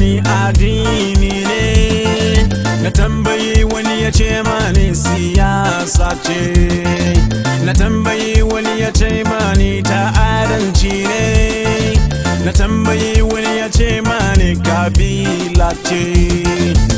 wani adini ne na tambayi wani ya ce mani siyasa ce na tambayi wani ya ce mani ta'adanci ne na tambayi wani ya ce mani kabila ce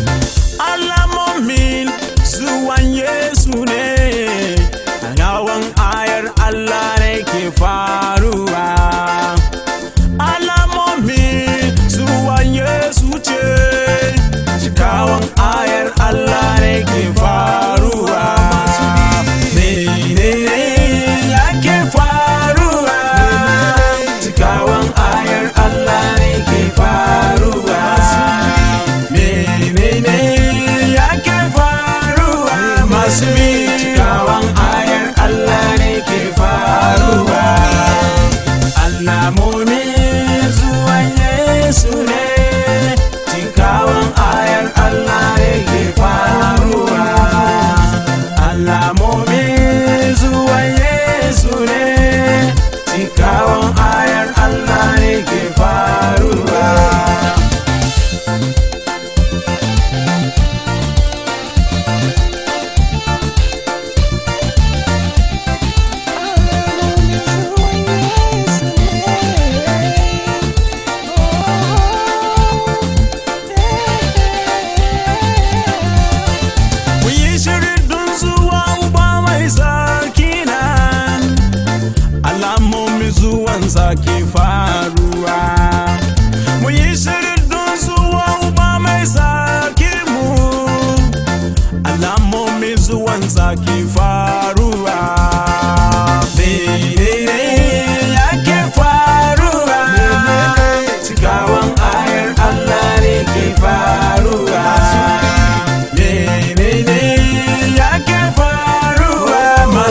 enamoré.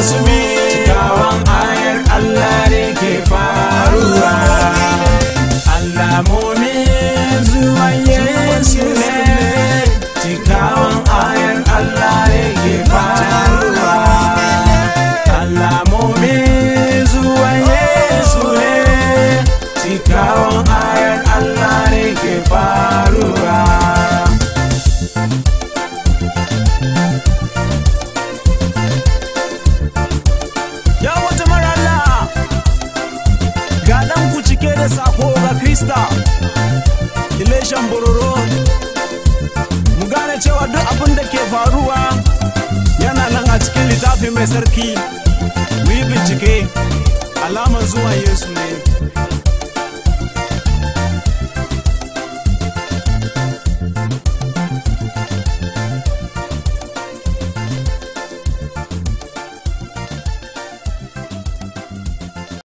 As me. da sako ga krista kileshan bororo mu gane cewa duk abin da ke faruwa yana nan a cikin littafi mai sarki mu yi bincike alamar zuwa yesu ne